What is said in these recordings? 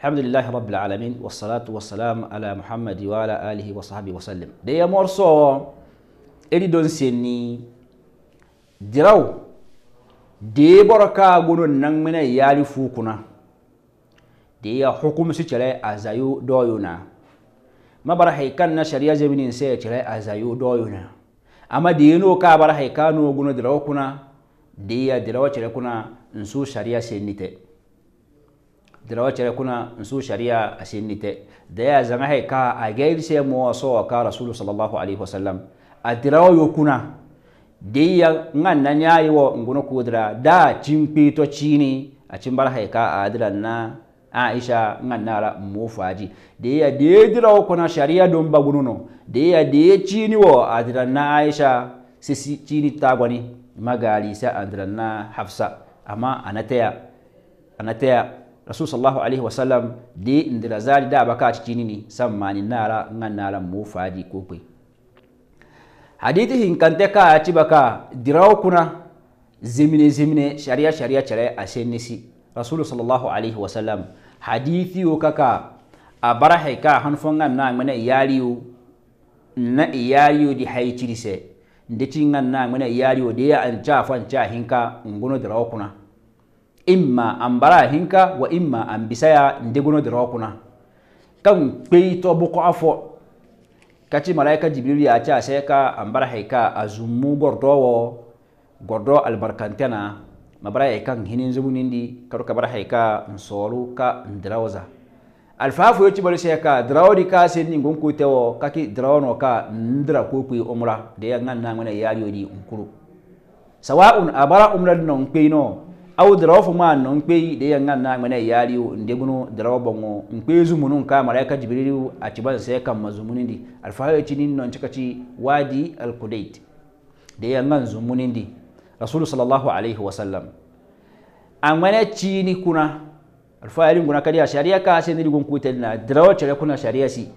alhamdulillahi rabbil alamin wassalatu wassalamu ala muhammadi wa ala alihi wa sahbihi wa sallim Da ya morso eri don senni diraw de boraka gono nan mena yali fukuna Da ya hukum su cere azayu doyuna mabara haikan na shari'a jeminin sai ya cire a zayo na amma da n'o ka bar haika no guno da kuna da ya da rawa cire kuna in su shari'a sai nite da rawa cire kuna in su shari'a a sai nite da ya zama haika a gairi sai mu waso ka rasulullahi sallallahu alaihi wasallam a dirawa yo kuna da ya ngan nan yayi wa nguno kudra da cin pito cini a cin bar haika a adiran na aisha ngannara mo faji de ya de dirawo kona sharia don bagununo de ya chini wo adiranna aisha sisi chini tagwani magali sa adiranna hafsa amma anataya anataya rasul sallallahu alaihi wasallam de indira zali da baka chini ni sammani nara ngannara mo faji kokwe hadithi hinkante ka chibaka dirawo kuna zimine zimine sharia sharia chare asenisi rasulu sallallahu alaihi wasallam hadithiyo kaka a barahe ka nan na ngmene iyariyo na iyariyo di haycirise ndeti nan na ngmene iyariyo de ya anca fan anca hinka ngono dirawo rokuna imma an bara hinka wa imma an bisaya ndegono dirawo rokuna kan kpei to boko afo kaci malaika jibril ya a sai ka an bara haika a zummu gordowo gordo albarkantena mabara ya kan hinin zubu di karo ka bar ka in ka in alfafu yoti bar sai ka drawo ka sai ni gonku tewo kaki drawo no ka ndra ko ku umra da ya ngan na ngana yariyo di nkuru sawa'un abara umra no npe no aw drawo ma no npe da ya ngan na ngana yariyo inde guno drawo bongo npe zumunun ka malaika jibrilu a tiban sai ka mazumu di alfafu yoti nin non cikaci wadi alqudait da ya ngan zumunin di rasulu sallallahu alaihi wasallam angwene chini kuna alfayarin guna kariya sharia ka sai ni gun na. drawo cire kuna sharia si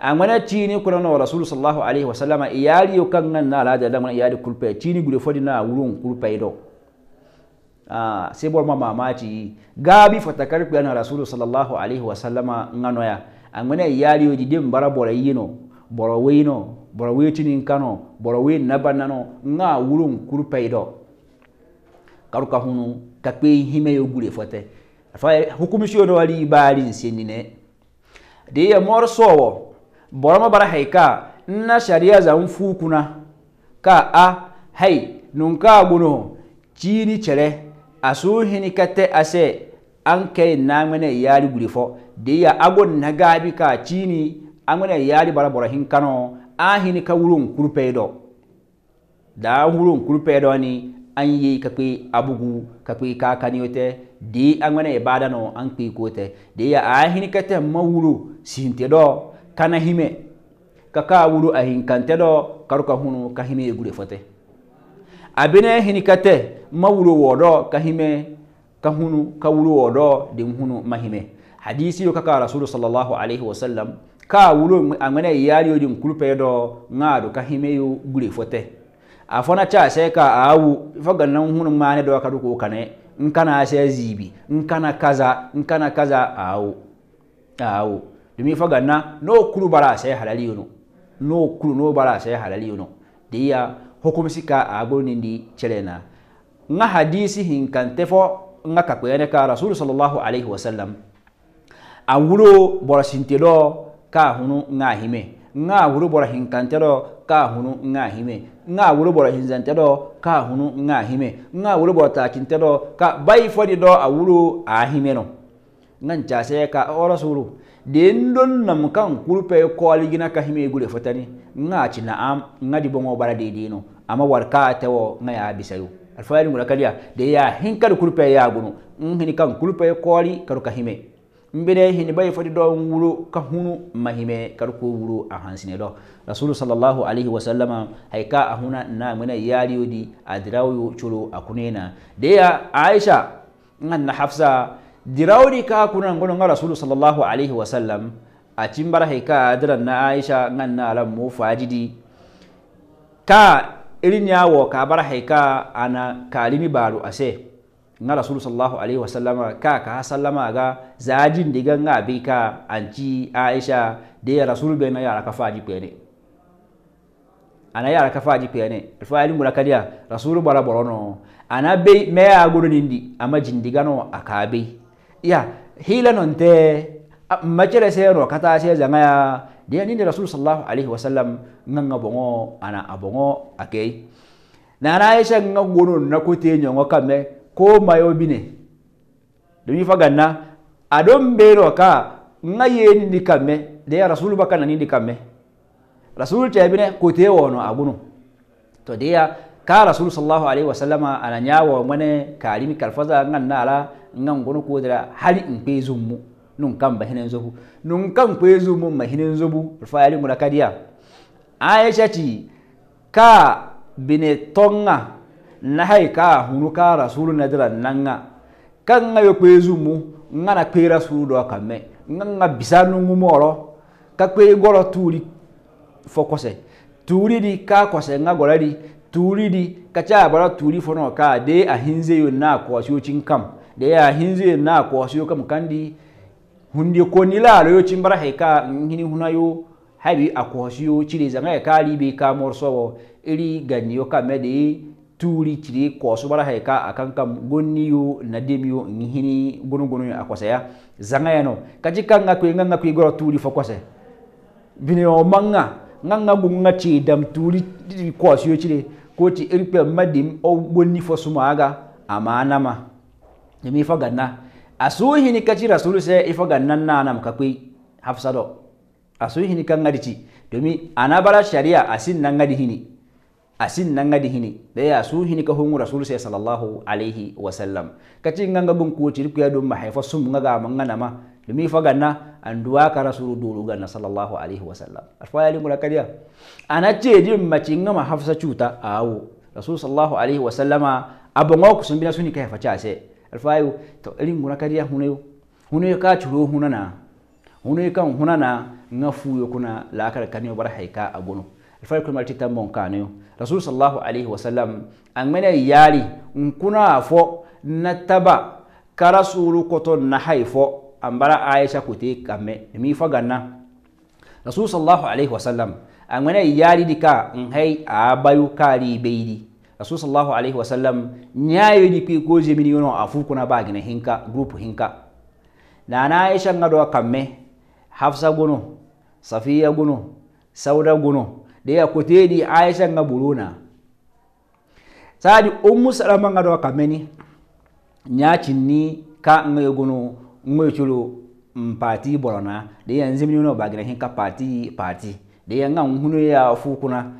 angwene chini kuna wa rasulu sallallahu alaihi wasallam iyali kan nan na lada da iyali kulpe chini gure fodi na wurin kulpe do ah sai bor ma mamaci gabi fatakar na rasulu sallallahu alaihi wasallama an angwene iyali yodi dem bara bora yino borowino borowetinin kano borowe nabanano nga wulun kurpeido karuka hunu kakpe hime yo gure fote afa hukumisi yo wali bali nsinine de ya mor sowo boroma bara heka, na sharia za mfukuna ka a hai nunka guno chini chere asuhini kate ase an kai namene yari gure fo de ya agon nagabi ka chini angwene yari bara bora hin kano ahini ka wurun kurpedo da wurun kurpedo ni an yi ka kwe abugu ka kwe kakani yote di angwene ibada no an kwe kote di ya ahini ka te mawuru sinte do kana hime ka ka wuru ahin kante do karuka hunu ka hime gure fote abine hini ka te mawuru wodo ka hime ka hunu ka wuru wodo din hunu mahime hadisi yo kaka rasulu sallallahu alaihi wasallam ka wulo amene iyali yo dinkulupe do ka hime yo gure fo tɛ a fote afona cha se ka awu faga nan hunu mane dɔ ka duko kane in kana se zibi in kana kaza in kana kaza awu awu dumi faga na no kulu bara se halali yo no n'o kulu no bara se halali yo diya hukum sika abo nindi chelena nga hadisi hinkante fo nga kakuyane ka rasul sallallahu alaihi wa wasallam a bora sinte dɔ. ka hunu nga hime nga wuru bora hinkantero ka hunu nga hime nga wuru bora hinzantero ka hunu nga hime nga wuru bora takintero ka bai fodi do a wuru a hime no ngan chase ka ora suru den don nam kan kurpe koli gina ka hime gure fotani nga ci na am nga di bongo bara de dino amma warka tawo nga ya bisayu alfayari ngula kaliya de ya hinkar kurpe ya gunu in hini kan kurpe koli karuka hime nbene hini bai fati do wuro ka hunu mahime kar ko wuro a hansine do rasul sallallahu alaihi wa sallama haika a huna na mena yari yodi a dirawo chulo a kunena da ya aisha ngan na hafsa dirawdi ka kuna ngono ngala rasul sallallahu alaihi wa sallam a cimbara haika adiran na aisha ngan na alam mu fajidi ka irin yawo ka bar haika ana kalimi baro ase nga rasulu sallallahu alaihi wasallam ka ka sallama ga zajin diga nga bi ka anji aisha de rasul be na yara kafaji faji pene ana yara ka faji pene alfaali murakadiya rasulu bara borono ana be me agoro nindi ama jindiga no akabe ya hila non te macere se no kata se zanga ya de ni rasul sallallahu alaihi wasallam nga bongo ana abongo akei na na aisha nga gono na kote nyongo kame ko mayobine domi don adon beno ka nga yeni ndi kamme de rasulu bakana ndi kamme rasulu te kote wono agunu to ya ka rasulu sallallahu alaihi wasallama ana nyawo mane kalimi kalfaza ngan nala ngan gono da hali mpe mu. nun kan bahinen zobu nun kan kwe zummu mahinen zobu rufa yali mulakadiya aisha ci ka bine tonga na haika ka hunu ka rasulu na dira nanga kan nga yokwezu mu nga na kwe rasulu do kame nga nga bisanu ngumoro ka kwe goro turi fokose turi di ka kose nga gora di turi di ka cha bara turi fono ka de ahinze yo na ko asyo kam de ya hinze na ko asyo kam kandi hundi ko lo yo chimbara haika ka ngini hunayo habi akwasiyo chile zanga ya kali bi ka wo iri ganyo kamedi turi ciri kosu bara haika akan kam goniyo na demiyo ngihini gonu gonu akwase ya zanga no kaji kanga kwe nganga kwe gora turi fokwase bine o manga nganga gunga ci dam turi kɔsu yo cire ko ci irpe madim o goni suma aga ama ma mi fa ganna asuhi ni kaci rasulu sai ifa gannan nanam kakwe hafsado asuhi ni kan ngadici domin anabara sharia asin nan ngadi hini asin nanga di hini de ya su hini ka hungu rasul sai sallallahu alaihi wasallam kati nganga gun ko tir ku ya dum ma haifa sum ngaga mangana ma dumi faganna an duwa ka rasul dulu ganna sallallahu alaihi wasallam alfa ya lingula kadiya ana ce din maci ngama hafsa cuta awo rasul sallallahu alaihi wasallama abongo kusumbina suni ka haifa chase alfa yo to lingula kadiya hunayo hunayo ka churo hunana hunayo kan hunana ngafu yo kuna la kar kanyo bar haika agono الفايكل مالتي تامون كانيو رسول صلى الله عليه وسلم أنمنا يالي نكنا فو نتبا كرسول كتون نحي فو أمبرا عائشة كتي كامي مي فغنا رسول صلى الله عليه وسلم أنمنا يالي ديكا نهي آبايو كالي بيدي rasul sallallahu alaihi wasallam ñayoyɗi kuy goje min yono a fu kuna bagine hinka groupe hinka nana aicha ngaɗo a kamme hafsa guno safiya guno sauda guno deya koteni aisha nga buruna sadi ummu salama nga ɗoa kameni ñacinni ka ngegunu ngoyculu mm, parti borona deya zimnino bagina hinka parti parti deya nga hunoya fukuna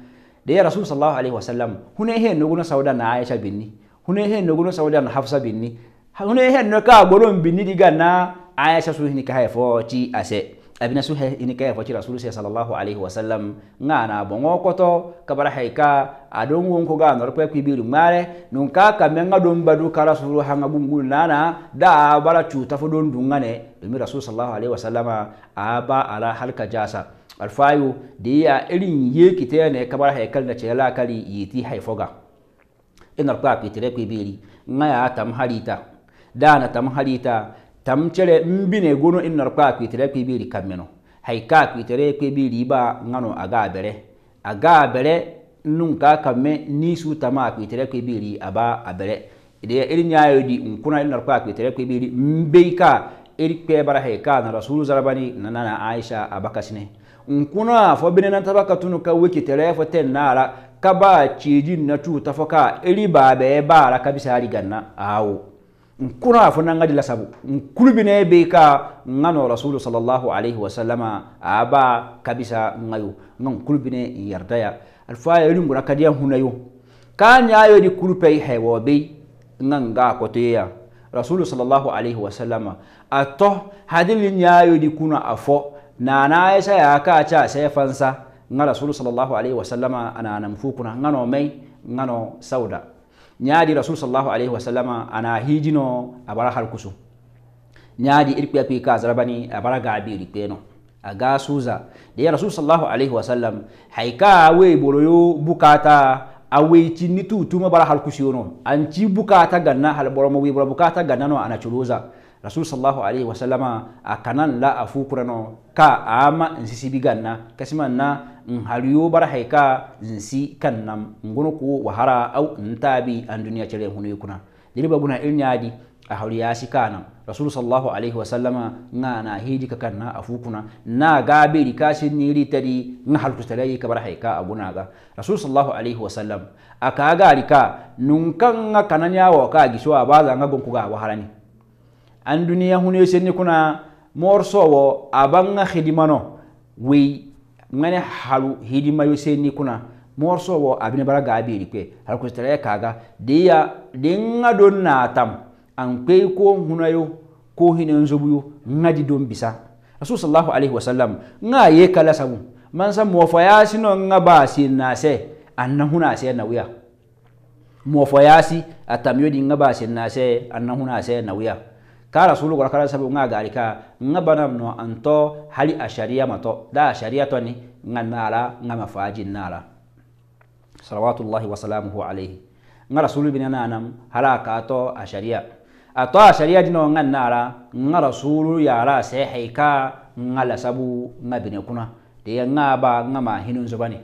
deya rasul salllahu alayhi wasallam hune he noguno saudana aisha binni hune he noguno saudana hafsa binni hune he no ka golon binni digana aisha suhini kahay fo ci ase abina su he ini kaya fakira sulu sai sallallahu alaihi wa sallam. nga na bongo koto kabara haika adon won ko ga nor pe kibiru mare nun ka ka men ga don badu kala sulu hanga bungu nana da bara cuta fu don dungane domin rasul sallallahu alaihi wa wasallama aba ala halka jasa alfayu da ya irin yeki ta ne kabara haikal na ce kali yiti haifoga inar kwa kitire kibiri nga ya tam harita da na tam harita tamcere mbine gono innar kwa kwitere kwe biri kameno haika kwitere kwe biri ba ngano agabere agabere nun ka kamme ni su tama kwitere kwe biri aba abere ide irin yayo di nkuna innar kwa kwitere kwe biri mbeika iri kwe bara haika na rasulu zarabani na nana aisha abakasine nkuna fo bine nan wiki telefo fo ten nara ka ba cijin na cuta fo ka iri ba bara ka bisari ganna nkuna afuna ngadi lasabu nkulubine beka ngano rasulu sallallahu alaihi wasallama aba kabisa ngayo ngan kulubine yardaya alfa yoni ngura kadiya hunayo kan yayo di kulupe hewo be ngan ga koteya rasulu sallallahu alaihi wasallama ato hadilin yayo di kuna afo na na yasa ya ka cha sai fansa nga rasulu sallallahu alaihi wasallama ana namfukuna ngano mai ngano sauda ñaadi rasul sallallahu alaihi wasallama ana hijino abara harkusu ñaadi irpe pe ka zarabani abara gabi ripeno aga suza de rasul sallallahu alaihi wasallam haika we boroyo bukata aweici ni tutuma bara harkusu yono anci bukata ganna hal boromo we boro bukata ganna no ana churuza rasul sallallahu alaihi wasallam a kanan la a fukurano ka ama nsisi biganna kasima na nhaliyo bara haika nsi kannam ngono ko wahara au ntabi an duniya chere hunu kuna diriba guna ilnyadi a hauriyasi kana rasulu sallallahu alaihi wasallama nga na hiji ka kanna afukuna na gabe rikashi niri tadi nga haltu tare ka bar haika abuna ga rasulu sallallahu alaihi wasallam aka ga rika nunkan nga kananya wa ka giswa baza nga gonku ga waharani an duniya hune senni kuna mor sowo abanga khidimano wi ngane halu hidima yo senni kuna mor sowo abine baraga abiri kwe hal ko stare kaga dia dinga don natam an kwe ko hunayo ko hinan zubuyo ngadi don bisa rasul sallallahu alaihi wasallam nga ye kala sabu man san mo fa yasino nga basi na se anna huna se na wiya mo fa yasi atamyo di nga basi na se anna huna se na wiya ka rasulu gora kala sabu nga gari ka nga banam no anto hali ashariya mato da ashariya to ni nga nala nga mafaji nala salawatullahi wa salamuhu alayhi nga rasulu bin nanam hala ka to ashariya ato ashariya dino nga nala nga rasulu ya ra sai haika nga la sabu nga bin kuna de nga ba nga ma hinun zubani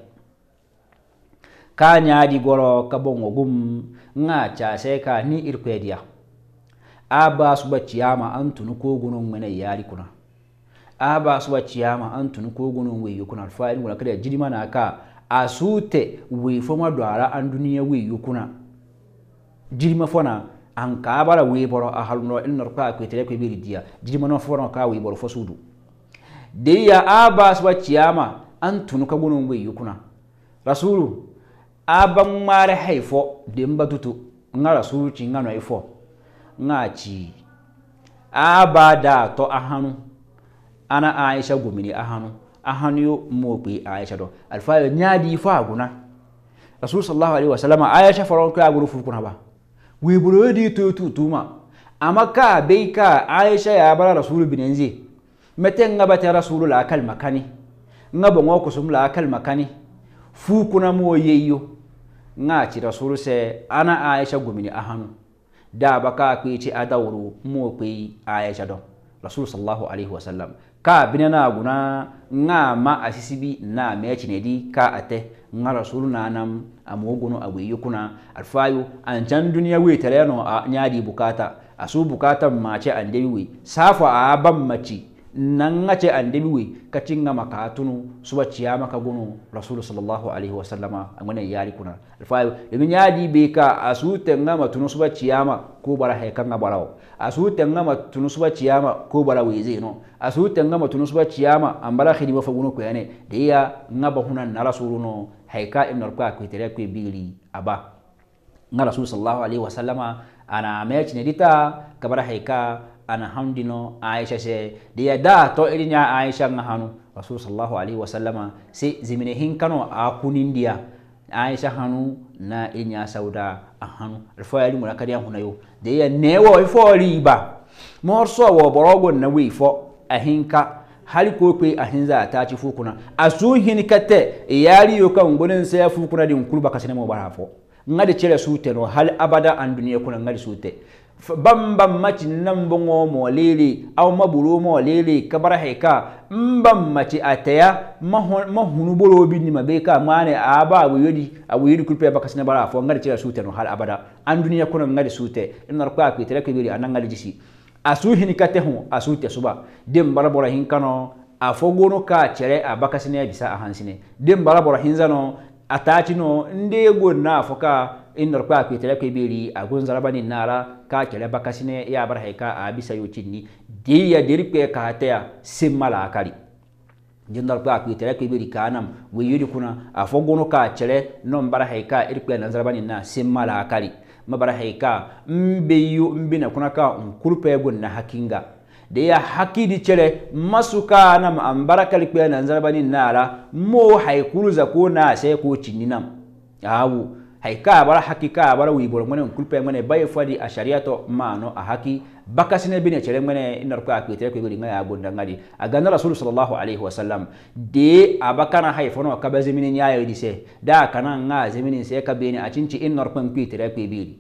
ka nya di goro ka bongo gum nga cha sai ka ni irkwediya aba su ba ciyama an tunu kogunon ŋmene yari kuna aba su ba ciyama an tunu kogunon weyo kuna alfa in wala kada jirima na ka asute we foma dwara an duniya weyo kuna jirima fona an ka bara we boro a halno in nor ka ko tere ko biri dia jirima no fona ka we boro fosudu de ya aba su ba ciyama an tunu kogunon weyo kuna rasulu aban mare haifo de mbatutu ngara suruci ngano haifo ngaci abada to ahanu ana aisha gumini ahanu ahanu yo mopi aisha do alfayo nyadi fa guna rasul sallallahu alaihi wasallam aisha faron ka guru fukuna ba wi buru di to tutuma amaka beika aisha ya bara rasul binenzi meten ngaba ta rasul la akal makani ngaba ngoko sum la akal makani fukuna mo yeyo ngaci rasul se ana aisha gumini ahanu da kaa kpee ce a dauro n moo a ya dɔ rasul sallallahu alaihi wasallam kaa bina na guna ŋa ma a sisibi meci ne di ka a tɛ rasul na naanam a moo a weyi kuna alfayu an can duniya wuyi tare nɔ a nyadi bukata a su bukata mace an debi safa a ban mace nanga ce andebiwe tunu makatunu suba ciyama gunu rasulu sallallahu alaihi wa sallama wasallama angone yari kuna alfayo yemi a beka asute ma tunu suba ciyama ko bara hekanga barawo asute ma tunu suba ciyama ko bara zai no asute ma tunu an ciyama ambala khidima fagono ko yane deya ba huna na rasulu no haika ibn alqa ko tere ko a aba nga rasulu sallallahu alaihi wa sallama ana mai ne dita bara haika ana hamdino aisha se diya da to irin ya aisha nga hanu rasul sallallahu alaihi wasallama si zimine hinkano a kunindiya aisha hanu na irin ya sauda a hanu alfayari mu nakari huna yo da ya newo ifo riba morso wa borogon na wifo a hinka hali ko kwe a hinza ta ci fukuna a su hinkate yari yo kan gudun sai fukuna din kulba kasine mo bara fo nga da cire su te no hal abada an duniya kuna nga da su te bambam maci nan bongo molele aw maburo molele kabara heka mbam maci ataya mahunu boro bini ma beka mane aba abu yodi abu yodi kulpe baka sina bara fo ngari tira sute no hal abada an duniya kono ngari sute ina rukwa akwe tira kibiri anan ngari jisi asu hini kate hon asu te suba dem bara bora hinkano a fo gono ka tere a baka sina bisa a hansine dem bara bora hinzano atati no nde gonna foka inor kwa kwitele kwibiri agunza bani nara ka kele bakasine ya barhaika abisa yochini diya ka hatea simala akali jindar kwa kwitele kwibiri kanam wiyuri kuna afogono ka kele no barhaika irpe na bani na simala akali mabarheka mbiyu mbina kuna ka nkurpe gonna hakinga Da ya cire masu k'a nam ambarakali kpe na nzarabani nara mo za ko na sai ko nan awu haika bara hakika bara wi bor ngene kulpe ngene bai fadi ashariato mano a haki bakasine bine chere ngene inar ko akite ko gori ngaya gadi a agana rasul sallallahu alaihi wasallam de abakana haifono kabaze ya yi dise da kana nga zeminin se a cinci inar ko kwitire ko biri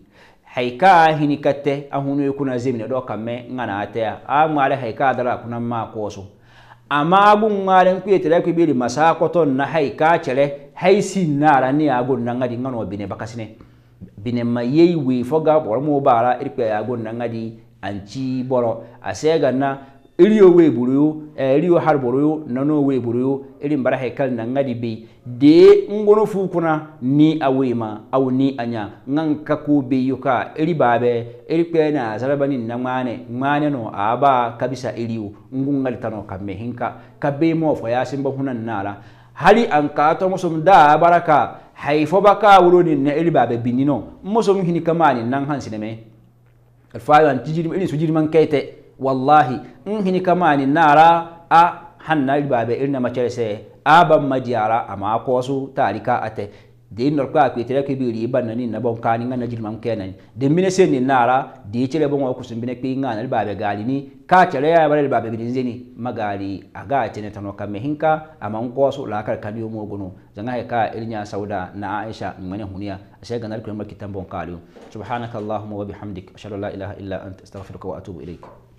haika hini katte ahunu ikuna zimne do kamme ngana atea a ngale haika dala kuna ma koso amma agun ngalen ku yetira ku biri masa koton na haika chele haisi nara ni agun nangadi ngano bine bakasine bine mayei we foga bor mo bara irpe agun nangadi anci boro asega na eriyo weeboroyo e eriyo harboroyo nano weeboroyo eri bara hekal na ŋadi be de ngono fu kuna ni a weema au ni a ɲa ŋan kako be yoka eri babe eri kpe na zarabani na ŋmane ŋmane no aba kabisa eriyo ngun ŋadi tano ka me hinka ka be mo fo ya simba huna na la hali an ka to musum da baraka hay fo baka wuro ni ne eri babe binino musum hini kamani nan hansine me alfa yan tijirim eri sujirim an kete wallahi in hini kamani nara a hanna ilbabe irna macerese aban majiyara ama kosu tarika ate de inor kwa kwitere ke biri banna ni nabon kani ngana jirmam kenan de mine sen ni nara de chere bon wa kusumbine kwi ngana ilbabe gali ni ka chere ya bare ilbabe bidinzeni magali aga tene tano kame hinka ama nkosu la kar kaniyo mogono zanga he ka irnya sauda na aisha mane huniya ashe ganar kuma kitambon kali subhanakallahumma wa bihamdik ashhadu la ilaha illa anta astaghfiruka wa atubu ilaik